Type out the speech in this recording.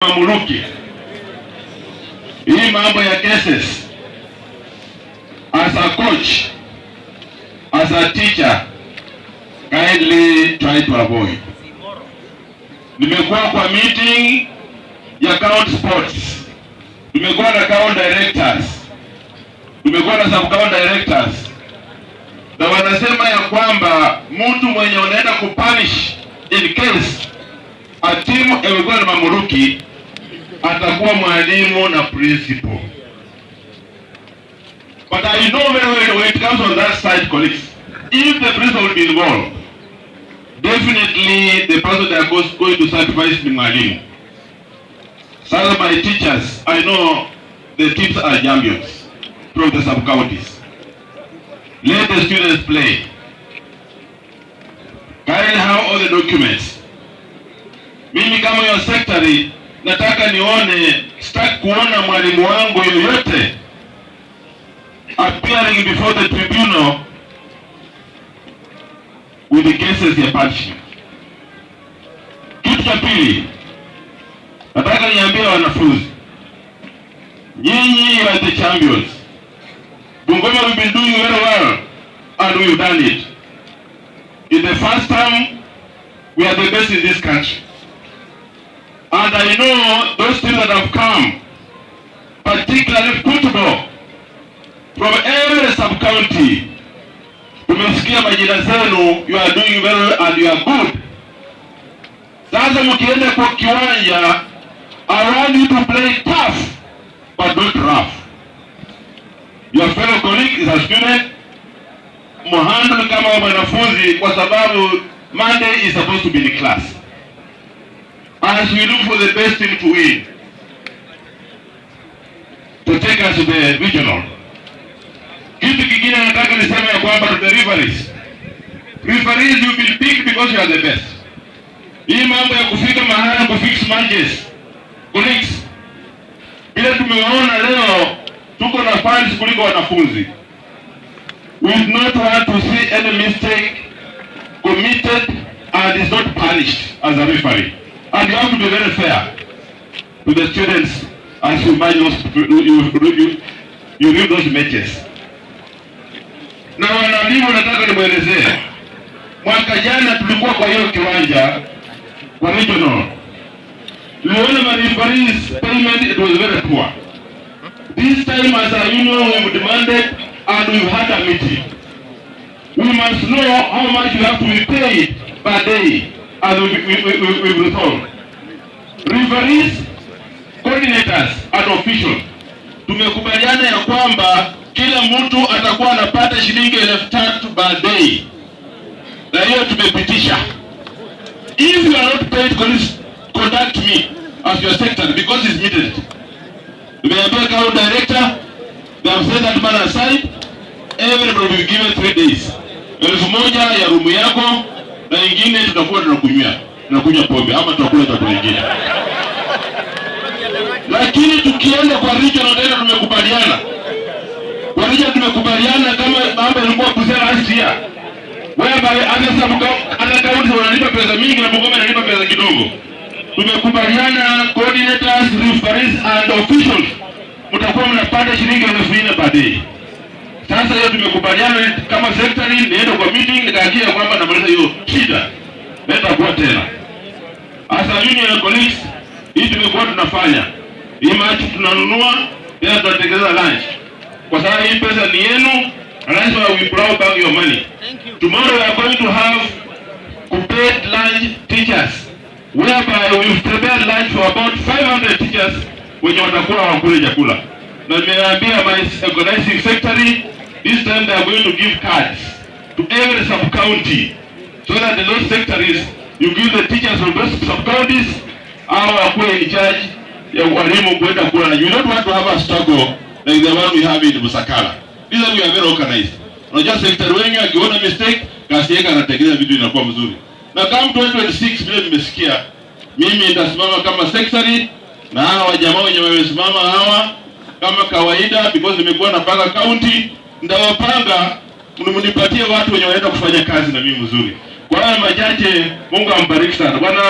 mamuluki. Hii mambo ya cases, as a coach, as a teacher, kindly try to avoid. Nimekuwa kwa meeting ya county sports, nimekuwa na county directors, nimekuwa na sub county directors, na wanasema ya kwamba mtu mwenye unaenda kupunish in case a team imekuwa eh, na mamuluki atakuwa mwalimu na principal. But I know very well when it comes on that side, colleagues, if the principal will be involved, definitely the person that goes going to sacrifice ni mwalimu. Sasa my teachers, I know the kids are champions from the sub-counties. Let the students play. Carry out all the documents. Mimi kama your secretary nataka nione, sitaki kuona mwalimu wangu yoyote appearing before the tribunal with the cases ya partnership. Kitu cha pili nataka niambie wanafunzi, nyinyi are the champions. Bungoma we've been doing very well and we've done it. In the first time we are the best in this country. And I know those things that have come, particularly football, from every sub-county. Tumesikia majina zenu, you are doing well and you are good. Sasa mkienda kwa kiwanja, I want you to play tough, but not rough. Your fellow colleague is a student, mhandle kama mwanafunzi, kwa sababu Monday is supposed to be the class as we look for the best team to win to take us to the regional. Kitu kingine nataka niseme ya kwamba the referees, referees you will pick because you are the best. Hii mambo ya kufika mahali kufix matches colleagues, ile tumeona leo tuko na fans kuliko wanafunzi. We have not had to see any mistake committed and is not punished as a referee. And you have to be very fair to the students as you buy those, you, you, you you read those matches. Na wanalimu nataka nimwelezee, mwaka jana tulikuwa kwa hiyo kiwanja kwa regional, tuliona marifaris payment it was very poor. This time as a union we have demanded and we had a meeting. We must know how much we have to be paid per day and ah, we, we, we, we we solve. Referees, coordinators and officials, tumekubaliana ya kwamba kila mtu atakuwa anapata shilingi elfu tatu day na hiyo tumepitisha. If you are not paid, please contact me as your secretary because it's needed. Tumeambia kao director, they have said that man aside, everybody will be given three days, elfu moja ya rumu yako na wengine tutakuwa tunakunywa tunakunywa pombe ama tutakula chakula kingine. Lakini tukienda kwa regional data tumekubaliana, kwa regional tumekubaliana kama mambo yalikuwa kuzera Asia, wewe anaweza ana kaunti wanalipa pesa mingi na Bungoma analipa pesa kidogo. Tumekubaliana coordinators, referees and officials mtakuwa mnapata shilingi elfu nne per sasa hiyo tumekubaliana kama sekretari, nienda kwa meeting nikahakia kwamba namaliza hiyo shida, nitakuwa tena asa union colleagues. Hii tumekuwa tunafanya hii machi, tunanunua tena tunatengeneza lunch, kwa sababu hii pesa ni yenu. That's why we brought back your money. Tomorrow we are going to have prepared lunch teachers whereby we have prepared lunch for about 500 teachers wenye watakula wakule chakula na nimeambia my organizing secretary This time they are going to give cards to every sub-county so that the local secretaries, you give the teachers from those sub-counties au wakuwe in charge ya walimu kwenda kula. You don't want to have a struggle like the one we have in Busakala. This time we are very organized. Unajua secretary wengi akiona mistake kasi yake anatengeneza vitu inakuwa mzuri. Na kama 2026 vile nimesikia mimi nitasimama kama secretary na hawa jamaa wenye wamesimama hawa kama kawaida because nimekuwa napanga county ndawapanga mnipatie watu wenye wanaenda kufanya kazi na mimi mzuri. Kwa haya machache, Mungu ambariki sana Bwana.